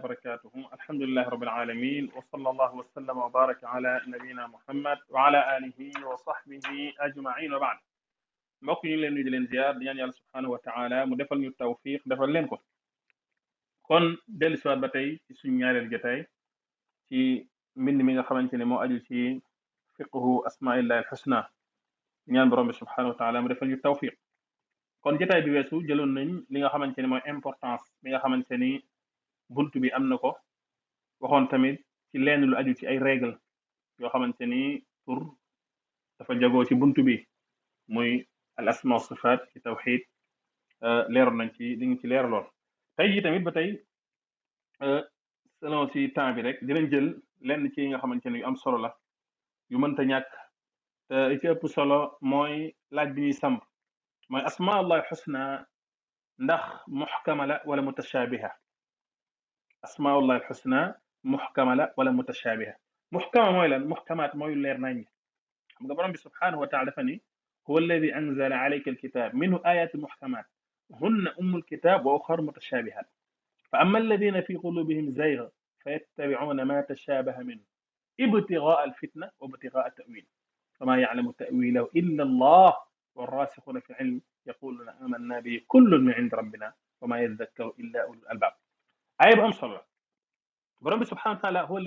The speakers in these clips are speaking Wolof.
وبركاته الحمد لله رب العالمين وصلى الله وسلم وبارك على نبينا محمد وعلى آله وصحبه أجمعين وبعد mbokk ñu leen nuyu di leen ziar di ñaan yàlla subhanahu wa taala mu defal ñu tawfiq defal leen ko kon dellu siwaat ba tey ci suñu ñaareel jotaay ci mbind mi nga xamante ne moo aju ci fiqhu asmaillahi alxusna ñaan borom bi subhanahu wa taala mu defal ñu tawfiq kon jotaay bi weesu jëloon nañ li nga xamante ne mooy importance bi nga xamante ni bunt bi am na ko waxoon tamit ci lenn lu aju ci ay règle yoo xamante ni pour dafa jago ci bunt bi muy al asma wa sifat ci tawxid euh, leeroon nañ ci li ñu ci leeraloon tey jii tamit ba tey euh, selon ci temps bi rek dinañ jël lenn ci yi nga xamante ni yu am solo la yu mënta ñàkk te ci ëpp solo mooy laaj bi ñuy samp mooy asma allah xusna ndax muxkama la wala mutashabiha asmaullahi alxusna muxkama la wala mutashaabiha muxkama mooy lan muxkamaat mooy leer nañ xam nga borom bi subhanahu wa taala dafa ni huwa alladi anzala alayka alkitab minhu ayatu muxkamaat hunna ummu alkitab wa uxar mutashaabihat fa amma alladina fi qulubihim zayg fa yattabicuuna ma tashaabaha minhu ibtigaa alfitna wa ibtigaa tawil fama yaclamu tawilahu illa allah walraasixuuna fi lcilm yaquluuna amanna bihi kullun min cindi rabbina wama yadakkaru illa ulul albab aye bu am solo la borom bi subhanahu wa taala huwa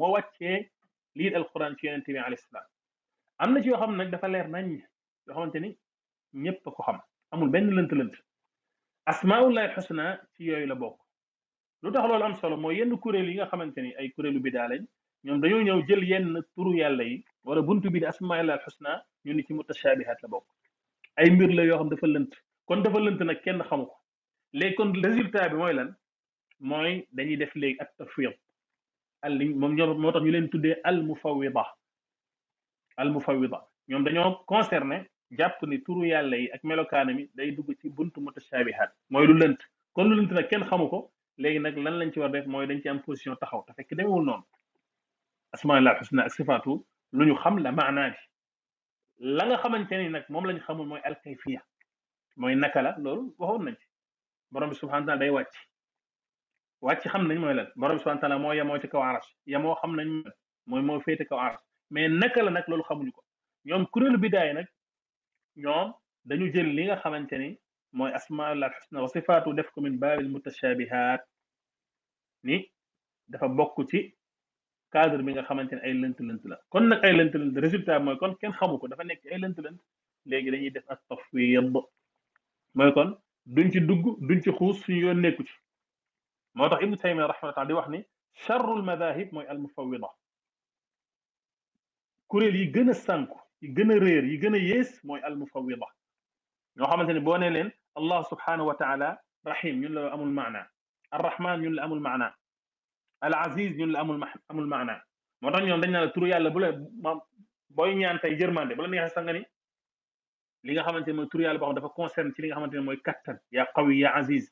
moo wàccee lii alquran ci yonente bi alayhi am na ci yoo xam nag dafa leer nañ yoo xamante ni ñépp ko xam amul benn lënt-lënt asmaullahi xusna ci yooyu la bokk lu dax loolu am solo mooy yenn kuréel yi nga xamante ni ay kuréelu bi lañ ñoom dañoo ñëw jël yenn turu yàlla yi wala buntu bi di asmaullahi xusna ñu ni ci mutashaabihaat la bokk ay mbir la yoo xam dafa lënt kon dafa lënt na kenn xamu léegi kon résultat bi mooy lan mooy dañuy def léegi ak tafwid al moom ñoom moo tax ñu leen tuddee al mufawwida al mufawwida ñoom dañoo concerné jàpp ni turu yàlla yi ak melokaanam yi day dugg ci buntu mutashabihat mooy lu lënt kon lu lënt nag kenn xamu ko léegi nag lan lañ ci war def mooy dañ ci am position taxaw te fekk demewul noonu asmaillahil husna ak sifaatu lu ñu xam la maanaa bi la nga xamante ni nag moom lañ xamul mooy alkayfiya mooy naka la lool waxoon nañ ci borom bi subhanahu day wàcc wàcc xam nañ mooy lan borom bi subhanahu wa taala moo yemoo ci kaw aras yemoo xam nañ mooy moo féete kaw aras mais naka la nag loolu xamuñu ko ñoom kuréelu bidaay nag ñoom dañu jël li nga xamante ni mooy asmaul husna wa sifaatu def ko min baabil mutashabihaat ni dafa bokk ci cadre bi nga xamante ne ay lënt lënt la kon nag ay lënt lënt résultat mooy kon kenn xamu ko dafa nekk ay lënt lënt léegi dañuy def ak tafwid mooy kon duñ ci dugg duñ ci xuus suñu yoon nekku ci moo tax ibnu taymiya rahimahullah taala di wax ni charrul madahib mooy al mufawwida kuréel yi gën a sànku yi gën a réer yi gën a yées mooy al mufawwida ñoo xamante ne boo nee leen allah subhanahu wa taala rahim ñun la amul maana arrahman ñun la amul maana al aziz ñun la amul amul maana moo tax ñoom dañ naa la turu yàlla bu la maam booy ñaan tey jërmande bu la neexee li nga xamante ne mooy tur yàlla boo xam dafa concerne ci li nga xamante mooy kattan yaa qawi yaa aziz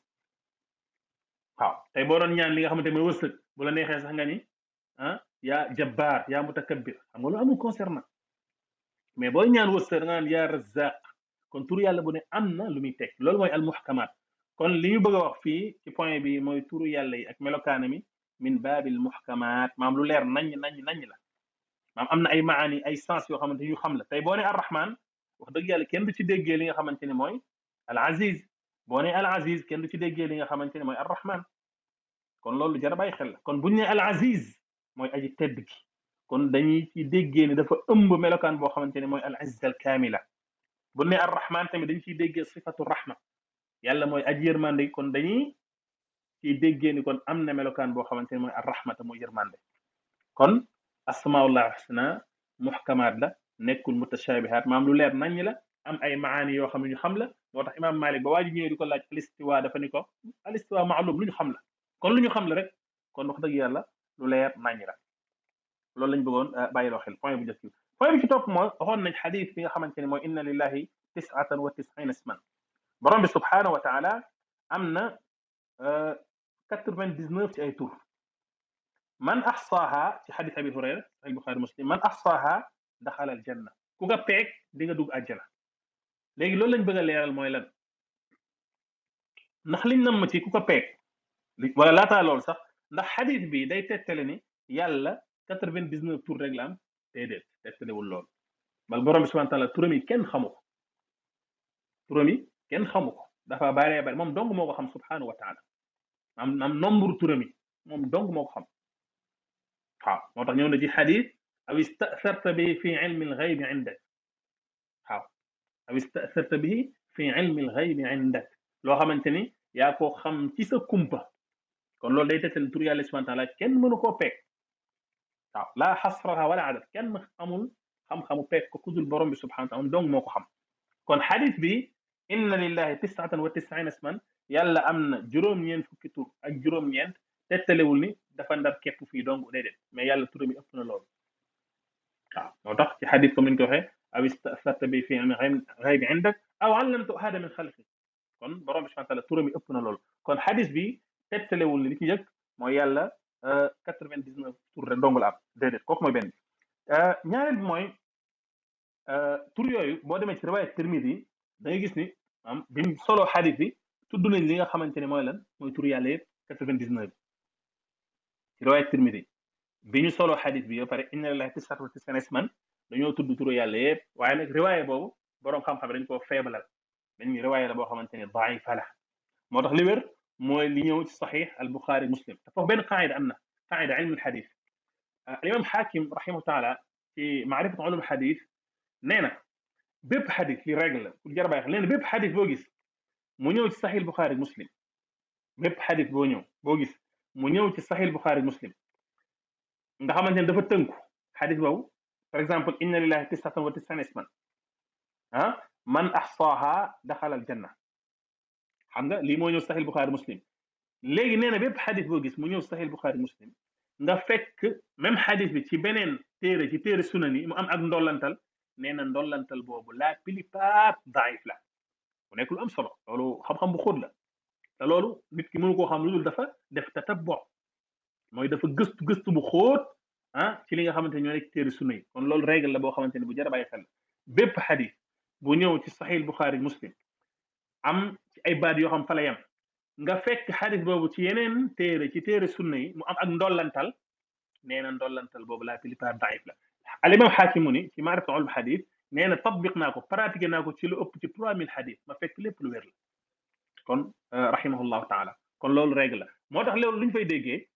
waaw tey boo doon ñaan li nga xamante ne mooy wërsëg bu la neexee sax nga ni ah yaa jabbaar yaa mutakabbir xam nga lu mais booy ñaan wërsëg kon tur yàlla bu ne am na lu muy teg loolu mooy almuhkamaat kon li ñu bëgg wax fii ci point bi mooy turu yàlla yi ak melokaana mi min baabil muhkamaat maam lu leer nañ nañ nañ la maam am na ay maani ay sens yoo xamante yu xam la tey boo ne arrahman wax dëgg yàlla kenn du ci déggee li nga xamante ne mooy al aziz boo nee al aziz kenn du ci déggee li nga xamante ne mooy ar rahman kon loolu jar a bàyyi xel la kon buñ ne al aziz mooy aji tedd gi kon dañuy ci déggee ne dafa ëmb melokaan boo xamante ne mooy al izza al kamila bu ne ar rahman tamit dañ ciy déggee sifatu rahma yàlla mooy aji yërmande gi kon dañuy ciy déggee ni kon am na melokaan boo xamante ne mooy ar rahma te mooy yërmande kon asmaullah husna muhkamaat la nekkul mutashaabihaat maam lu leer naññ la am ay maani yoo xam ne yoo xam la moo tax imaam Malik ba waa ji ñëwee di ko laaj alistiwa dafa ni ko alistiwa maalum lu ñu xam la kon lu ñu xam la rek kon wax dëgg yàlla lu leer naññ la loolu lañ bëggoon euh, bàyyiloo xel point bu njëkk bi point bi ci topp mooy waxoon nañ xadis bi nga xamante ne mooy inna lillahi tisatan wa tisina isman borom bi subhanahu wa taala am na euh, quatre-vingt-dix-neuf ci ay tur man axsaaha ci xadis abi hurayra sahih buxaari muslim man axsaaha daxalal janna ku nga peeg di nga dugg àjjana léegi loolu lañ bëgg a leeral mooy lan ndax liñ ma ci ku ko peeg wala laataa loolu sax ndax xadis bi day tegtale ni yàlla quatre-vingt-dix-neuf tour rek la am déedéet tegtalewul loolu bal borom bi subhana taala turam yi kenn xamu ko turam kenn xamu ko dafa bari bari moom dong moo ko xam subhanahu wa taala am am nombre turam moom dong moo ko xam waaw moo tax ñëw na ci xadis aw istasarta bihi fi ilmi alxaybi indak waaw aw istasarta bihi fi ilmi alxaybi indak loo xamante ni yaa ko xam ci sa kumpa kon loolu day tegtal tur yàlla subhanahu wa taala kenn mënu koo peeg waaw laa xasraha wala adad kenn amul xam-xamu peeg ko kudul borom bi subhanahu wa taala donc moo ko xam kon xadis bi inna lillahi tisatan wa tisain isman yàlla am na juróom-ñeent fukki tur ak juróom-ñeent tegtalewul ni dafa ndar képp fii donc déedéet mais yàlla turam yi ëpp na loolu waaw moo tax ci xadis comme ni ñu ko waxee aw istasarta bi fi ilmi xaybi indak aw allamtu ahada min xalqi kon borom bi subhanahu taala turam yi ëpp na loolu kon xadis bi tettalewul li ci njëkk mooy yàlla quatre vingt dix neuf tur rek dongul am déedéet kooku mooy benn ñaareel bi mooy tur yooyu boo demee ci riwaayat Tirmidi yi da ngay gis ni am bi mu solo xadis bi tudd nañ li nga xamante ne mooy lan mooy tur yàlla yëpp quatre vingt dix neuf ci riwaayat Tirmidi bi ñu solo xadis bi ba pare inna lillahi tis'atan wa tis'iina isman dañoo tudd turu yàlla yëpp waaye nag riwaayé boobu boroom xam-xam dañ koo feebalal dañuy riwaayé la boo xamante ne daifa la moo tax li wér mooy li ñëw ci saxiix al buxaari muslim te foofu benn qaayida am na qaayida ilmul xadis al imam xaakim rahimahu taala ci maarifatu ulum xadis nee na bépp xadis li règle la ku jar bàyyi xel nee na bépp xadis boo gis mu ñëw ci saxiix al buxaari muslim bépp xadis boo ñëw boo gis mu ñëw ci saxiix al buxaari muslim nga xamante ne dafa tënku xadis boobu par exemple inna lillahi tisatan wa tisan isman ah man ahsaha daxala al janna xam nga lii moo ñëw saxil buxaari muslim léegi nee na bépp xadis boo gis mu ñëw saxil buxaari muslim nga fekk même xadis bi ci beneen téere ci téere sunan yi mu am ak ndollantal nee na ndollantal boobu la plupart daif la mu nekk lu am solo loolu xam-xam bu xóot la te loolu nit ki mënu koo xam lu dul dafa def tatabbo mooy dafa gëstu gëstu bu xóot ah ci li nga xamante ne ñoo nekk téere sunna yi kon loolu règle la boo xamante ne bu jar a bàyyi xel bépp xadis bu ñëw ci saxiil buxaari muslim am ci ay baat yoo xam fa la yem nga fekk xadis boobu ci yeneen téere ci téere sunna yi mu am ak ndollantal nee na ndollantal boobu laa plupart daif la al imam xaakim mu ni ci ma maarifa ulum xadis nee na tatbiq naa ko pratiqué naa ko ci lu ëpp ci 3000 xadis ma fekk lépp lu wér kon euh, rahimahullahu taala la moo tax loolu lu ñu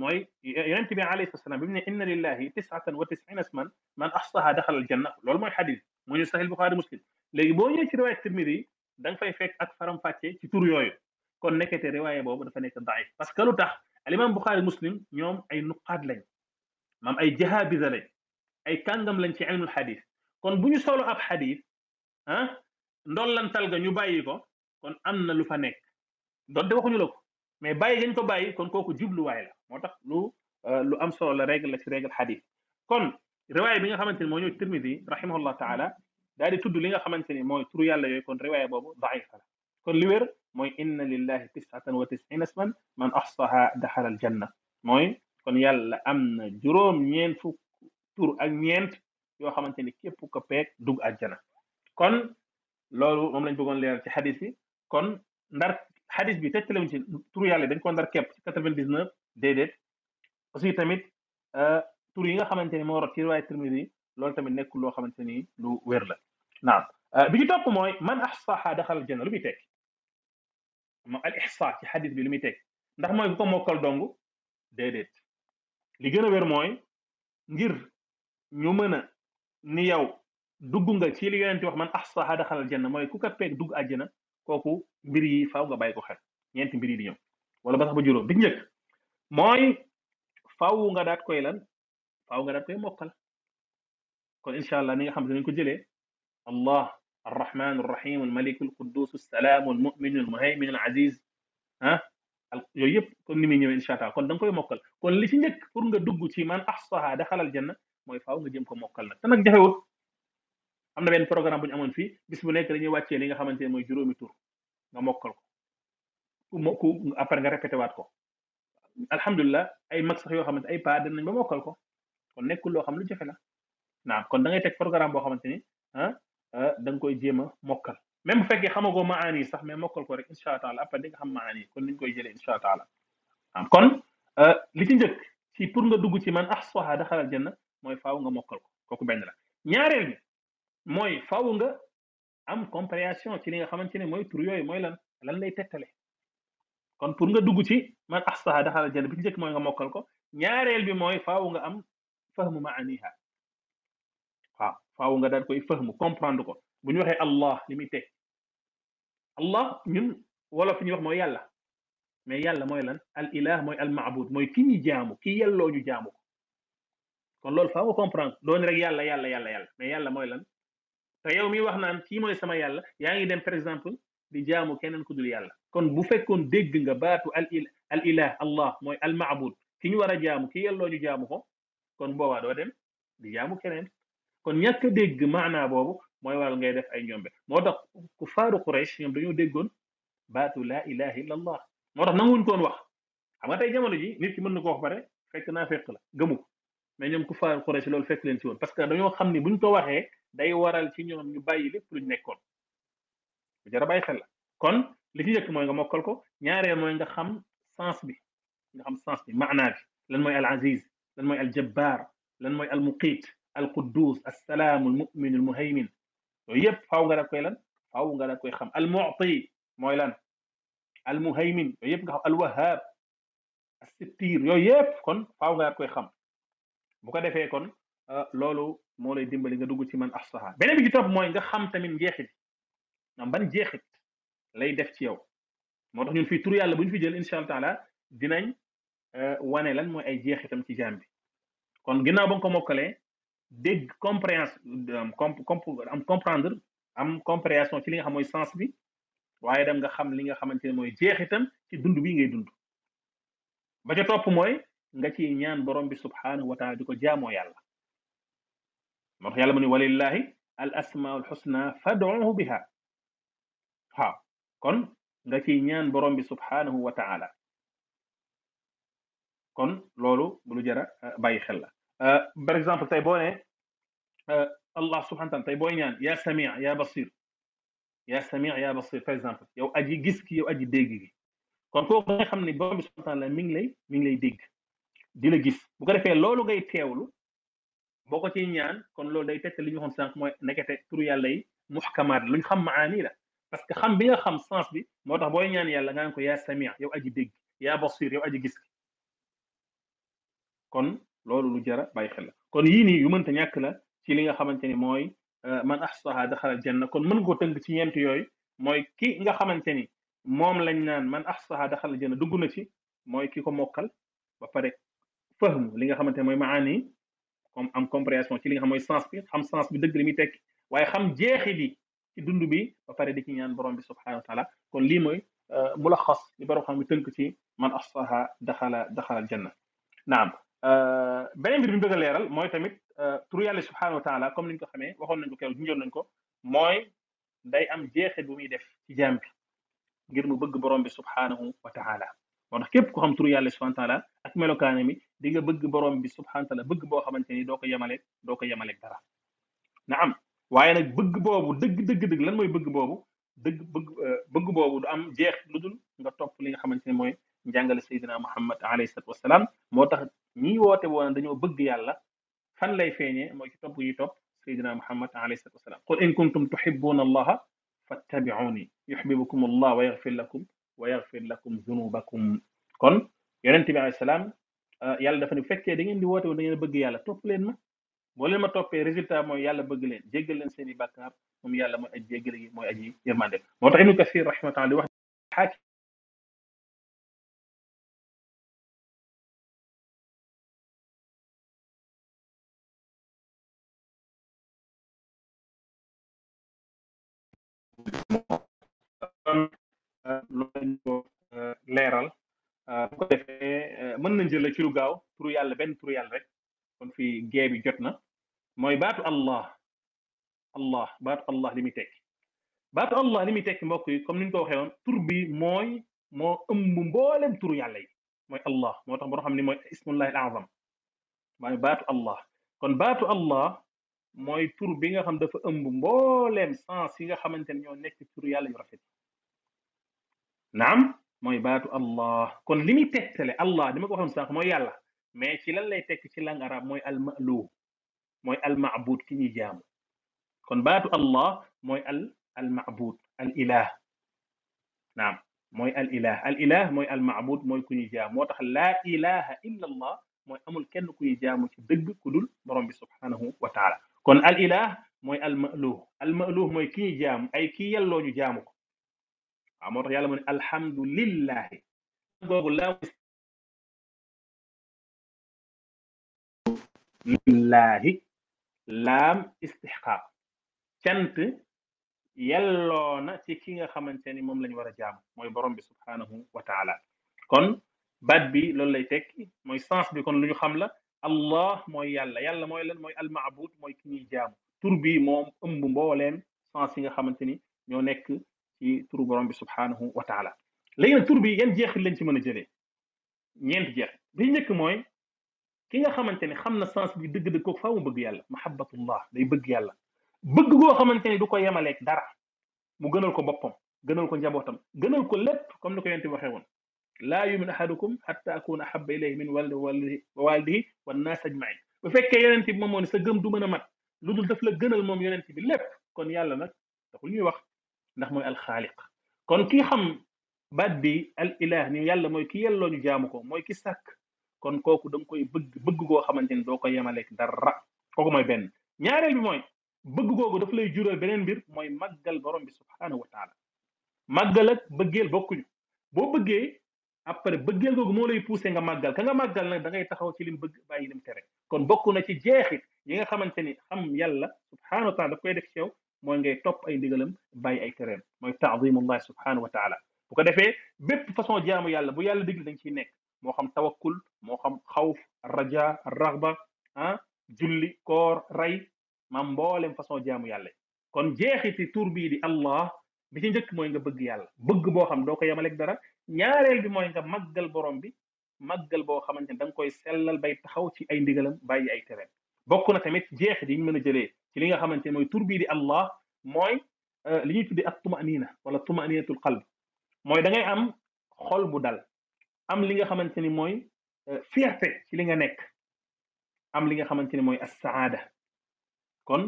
mooy yonent bi alayhi salaam bi mu ne inna lillahi tisatan wa tisina isman man ahsaha daxal al janna loolu mooy xadis mu ñu sahih buxaari muslim léegi boo ñëwee ci fay fekk ak faram fàcce ci tur yooyu kon nekkete riwaayé boobu dafa nekk daif parce que lu tax al imam buxaari muslim ñoom ay nuqaat lañ maam ay jahabisa lañ ay kàngam lañ ci ilmul xadis kon bu ñu solo ab xadis ah lan ga ñu bàyyi ko kon am na lu fa nekk donte waxuñu la ko mais bàyyi gañ ko bàyyi kon kooku jubluwaay moo tax euh, lu am solo la la ci règle xadis kon riwaay bi nga xamante ni moo ñëw Tirmidi rahimahullah taala ni mooy turu yàlla yooyu kon riwaay boobu daifa la kon li wér mooy inna lillahi tisatan wa tisina isman man ahsaha daxala al janna mooy kon yàlla am na juróom ñeent fukk tur ak yoo xamante ni képp ko peeg dugg àjjana kon loolu moom lañ bëggoon leeral ci xadis bi kon ndar xadis bi tegtalewuñ ci turu yàlla dañ ko ndar képp ci quatre vingt déedéet aussi tamit euh, tour yi nga xamante ni moo rot ci riwaaya Tirmidi loolu tamit nekkul loo xamante ni lu wér la naam euh, bi ci topp mooy man ahsaha daxal al janna lu muy tekki moom bi lu muy tekki ndax mooy ku ko mokkal dong déedéet li a wér mooy ngir ñu mën a ni yow dugg nga ci li yonente wax man ahsaha daxal al janna mooy ku ko peeg dugg àjjana kooku mbir yi faaw nga bàyyi xel ñeenti mbir yi di ñëw wala ba sax ba juróom bi njëkk mooy faaw nga daat koy lan faaw nga daat koy mokkal kon incha allah ni nga xam ne nañ ko jëlee allah arrahman arrahim almalik alquddus alsalaam almumin almuhaymin alaziz ah yooyu yëpp comme ni muy ñëwee incha allah kon da koy mokkal kon li ci njëkk pour nga dugg ci man ahsaha daxalal janna mooy faaw nga jëm ko mokkal nag te nag jafewut am na benn programme bu ñu amoon fii bis bu nekk dañuy wàccee li nga xamante ne mooy juróomi tur nga mokkal ko ku après waat ko alhamdulilah ay mag sax yoo xamante ay pa dem nañ ba mokkal ko kon nekkul loo xam lu jafe na naam kon da ngay teg programme boo xamante ni ah, ah da koy jéem a mokkal même bu fekkee ma maani sax mais mokkal ko rek incha allah taala nga xam maani kon niñ koy jëlee incha allah taala naam kon ah, li ci njëkk si pour nga dugg ci man ahsaha daxalal janna mooy faaw nga mokkal ko kooku benn la ñaareel bi mooy faaw nga am compréhension ci li nga xamante ne mooy tur yooyu mooy lan lan lay tettale kon pour nga dugg ci man ahsaha daxalal janna bi ci njëkk mooy nga mokkal ko ñaareel bi mooy faaw nga am fahmu maaniha waaw faaw nga daal koy fahmu comprendre ko bu ñu waxee allah li muy teg allah ñun wolof fi mooy yàlla mais yàlla mooy lan al ilah mooy al maabud mooy ki ñu jaamu ki yelloo ñu jaamu ko kon loolu faaw nga comprendre doon rek yàlla yàlla yàlla yàlla mais yàlla mooy lan te yow mi wax naan kii mooy sama yàlla yaa ngi dem par exemple di jaamu keneen ku dul yàlla kon bu fekkoon dégg nga baatu al il al ilah allah mooy al maabud ki ñu war a jaamu ki yelloo ñu jaamu ko kon boobaa doo dem di jaamu keneen kon ñàkk a dégg maanaa boobu mooy waral ngay def ay ñombe moo tax ku faaru Quraysh ñoom dañoo déggoon baatu laa ilaha illa allah moo tax nanguwuñ koon wax xam nga tey jamono ji nit ki mën na ko pare fekk naa fekk la gëmu mais ñoom ku faaru Quraysh loolu fekk leen ci woon parce que dañoo xam ni buñ ko waxee day waral ci ñoom ñu bàyyi lépp luñ nekkoon bu jar a xel la kon li ci njëkk mooy nga mokkal ko ñaareel mooy nga xam sens bi nga xam sens bi maanaa bi lan mooy al aziz lan mooy al jabbaar lan mooy al muqiit al quddus assalaamu al mu'min al muhaymin yooyu yëpp faaw nga da koy lan faaw nga da koy xam al mu'ti mooy lan al muhaymin yooyu yëpp nga xam al wahab as sittir yooyu yëpp kon faaw nga da koy xam bu ko defee kon ah, loolu moo lay dimbali nga dugg ci man ahsaha beneen bi ci topp mooy nga xam tamit njeexit am ban jeexit lay def ci yow moo tax ñun fi turu yàlla bu ñu fi jël incha allah taala dinañ euh, wane lan mooy ay jeexitam ci jaam bi kon ginnaaw ba nga ko mokkalee dégg compréhension am am comprendre am compréhension ci li nga xam mooy sens bi waaye dem xam li nga xamante ne mooy jeexitam ci dund bi ngay dund ba ca top mooy nga ci ñaan borom bi subhanahu wa taala di ko jaamoo yàlla moo tax yàlla mu ne walillahi al asmaul husna biha waaw kon nga ciy ñaan borom bi subhanahu wa ta'ala kon loolu bulu jara bàyyi xel la euh, par exemple tey boo ne euh, allah subhanahu wa ta'ala tey booy ñaan ya sami ya basir ya sami ya basir par exemple yow aji gis ki yow aji dégg gi kon kooku nga xam ne borom bi subhanahu ta'ala mi ngi lay mi ngi lay dégg dina gis bu ko defee loolu ngay teewlu boo ko ciy ñaan kon loolu day tett li ñu waxoon sànq mooy nekkete turu yàlla yi muxkamaat luñ xam maani la parce que xam bi nga xam sens bi moo tax booy ñaan yàlla nga naan ko yaa samia yow aji dégg yaa basiir yow aji gis kon loolu lu jara bàyyi xel la kon yii nii yu mënta ñàkk la ci li nga xamante ni mooy euh, man ahsaha daxala janna kon mën koo tënk ci ñeent yooyu mooy ki nga xamante ni moom lañ naan man ahsaha daxala janna dugg na ci mooy ki ko mokkal ba pare fahmu li nga xamante ni mooy maani comme am compréhension ci li nga xam mooy sens bi xam sens bi dëgg li muy tekki waaye xam jeexi ci dund bi ba pare di ci ñaan borom bi subhanahu wa taala kon lii mooy euh, mu la xas li borom xam bi tënk ci man ahsaha daxala daxala aljanna naam euh, beneen mbir bi mu bëgg a leeral mooy tamit euh, turu yàlla subhanahu wa taala comme ni ñu ko xamee waxoon nañ ko keroog nañ ko mooy day am jeexit bu muy def ci jaam bi ngir mu bëgg borom bi subhanahu wa taala moo tax képp ku xam turu yàlla subhanahu wa ak melokaane mi di bëgg borom bi subhanahu wa taala bëgg boo xamante ni doo ko yemale doo ko yemale dara naam waaye nag bëgg boobu dëgg dëgg dëgg lan mooy bëgg boobu dëgg bëgg euh, bëgg boobu du am jeex lu dul nga topp li nga xamante ne mooy njàngale Seydina Muhammad alayhi salaatu wasalaam moo tax ñi woote woon dañoo bëgg yàlla fan lay feeñee mooy ci topp yi topp Seydina Muhammad alayhi salaatu wasalaam qul in kuntum tuhibbuna allaha fattabi'uni yuhibbukum allah wa yaghfir lakum wa yaghfir lakum zunubakum kon yonent bi alayhi salaam euh, yàlla dafa ne bu fekkee da ngeen di woote woon da ngeen bëgg yàlla topp leen ma boo leen ma toppee résultat mooy yàlla bëgg leen jéggal leen seen bàkkaar moom yàlla mooy aji jéggale gi mooy aji yërmande moo tax ibnu kasir rahimataala di wax xaaki leeral mën nañ jël ci lu gaaw pour yàlla benn pour yàlla rek kon fi gée bi jot na mooy baatu allah allah baatu allah li muy tekki baatu allah li muy tekki mbokk yi comme ni ñu ko waxee woon tur bi mooy moo ëmb mboolem turu yàlla yi mooy allah moo tax boo xam ni mooy ismullahi al azam mooy baatu allah kon baatu allah mooy tur bi nga xam dafa ëmb mbooleem sens yi nga xamante ne ñoo nekk turu yàlla yu rafet naam mooy baatu allah kon li muy allah di ko waxoon sànq mooy yàlla mais ci lan lay tekk ci langue arabe mooy al ma'luum mooy al ma'buud ki ñuy jaamu kon baatu allah mooy al al ma'buud al ilah naam mooy al ilah al ilah mooy al ma'buud mooy ku jaamu moo tax laa ilaha illa mooy amul kenn ku ñuy jaamu ci dëgg ku dul borom bi subhanahu wa taala kon al ilah mooy al ma'luuh al ma'luuh mooy ki ñuy jaamu ay kii yelloo ñu jaamu ko waaw moo tax yàlla mu ne alhamdulillahi googu laa lillaahi laam istixqaaq cant yelloona ci ki nga xamante ni moom la ñu war a jaam mooy borom bi subhaanahu wa taala kon baat bi loolu lay tekki mooy sens bi kon lu ñu xam la allah mooy yàlla yalla mooy lan mooy almaabud mooy ki ñuy jaamu tur bi moom ëmb mbooleen sens yi nga xamante ni ñoo nekk ci turu borom bi subhaanahu wa taala léegi nag tur bi yan jeexit lañ ci mën a jëlee ñeent jeexit bi njëkk mooy ki nga xamante ne xam na sens bi dëgg dëgg ko faaw mu bëgg yàlla mahabbatullah day bëgg yàlla bëgg goo xamante ne du ko yemaleeg dara mu gënal ko boppam gënal ko njabootam gënal ko lépp comme ni ko yonent bi waxee woon laa yumin ahadukum hatta akuna ahabba ilayhi min waldi wa walidihi wannaas ajmain bu fekkee yonent bi moom moo sa gëm du mën a mat lu dul daf la gënal moom yonent bi lépp kon yàlla nag taxul ñuy wax ndax mooy alxaaliq kon ki xam baat bi al ilah ni yàlla mooy ki yelloo ñu jaamu ko mooy ki sàkk kon kooku da nga koy bëgg bëgg goo xamante ni doo ko yemaleeg dara kooku mooy benn ñaareel bi mooy bëgg googu daf lay jural beneen mbir mooy màggal borom bi subhaanahu wa taala màggal ak bëggeel bokkuñu boo bëggee après bëggeel googu moo lay poussé nga màggal nga màggal nag da ngay taxaw ci lim bëgg bàyyi lim tere kon bokk na ci jeexit yi nga xamante ni xam yalla subhaanahu wa taala daf koy def ci yow mooy ngay topp ay ndigalam bàyyi ay tereem mooy taadimullah subhaanahu wa taala bu ko defee bépp façon jaamu yàlla bu yàlla digle da nga ciy nekk moo xam tawakkul moo xam xawf raja raxba ah julli koor ray maam mboolem façon jaamu yàlla kon jeexiti tur bii di allah bi ci njëkk mooy nga bëgg yàlla bëgg boo xam doo ko yemaleeg dara ñaareel bi mooy nga màggal borom bi màggal boo xamante ne da koy sellal bay taxaw ci ay ndigalam bàyyi ay tereem bokk na tamit jeexit yi ñu mën a jëlee ci li nga xamante ne mooy tur bii di allah mooy euh, li ñuy tuddee ak tumanina wala tumaninatul qalb mooy da am xol dal am li nga xamante ni mooy euh, fierté ci li nga nekk am li nga xamante ni mooy assaada kon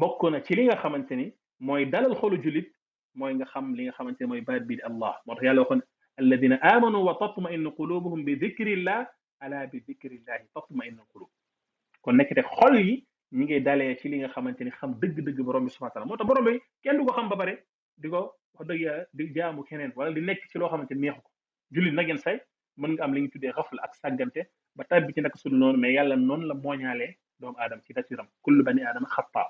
bokk na ci li nga xamante ni mooy dalal xolu jullit mooy nga xam li nga xamante ni mooy baat bi di allah moo tax yàlla waxoon alladina amanu wa tatma'innu qulubuhum bi dhikrillah ala bi dhikrillahi tatma'innu qulub kon nekk te xol yi ñi ngi dalee ci li nga xamante ni xam dëgg-dëgg borom bi subhanahu wa moo tax borom bi kenn du xam ba pare di ko wax dëgg di jaamu keneen wala di nekk ci loo xamante ni neexu ko jullit nag yenn say mën nga am li ñu tuddee xafla ak sàggante ba tàbbi ci naka sunu noonu mais yàlla noonu la mooñaalee doomu aadama ci tasiram kullu bani aadama xataa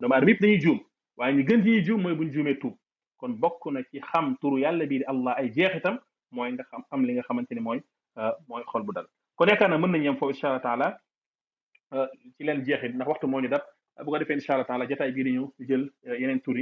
doomu aadama yëpp dañuy juum waaye ñu gën ci ñuy juum mooy buñ juumee tuub kon bokk na ci xam turu yàlla bii di allah ay jeexitam mooy nga xam am li nga xamante ni mooy euh, mooy xol bu dal kon yaakaar na mën nañu yem foofu incha allah taala euh, ci leen jeexit ndax waxtu moo ñu dab bu ko defee incha allah taala jotaay ñëw jël euh, yeneen tur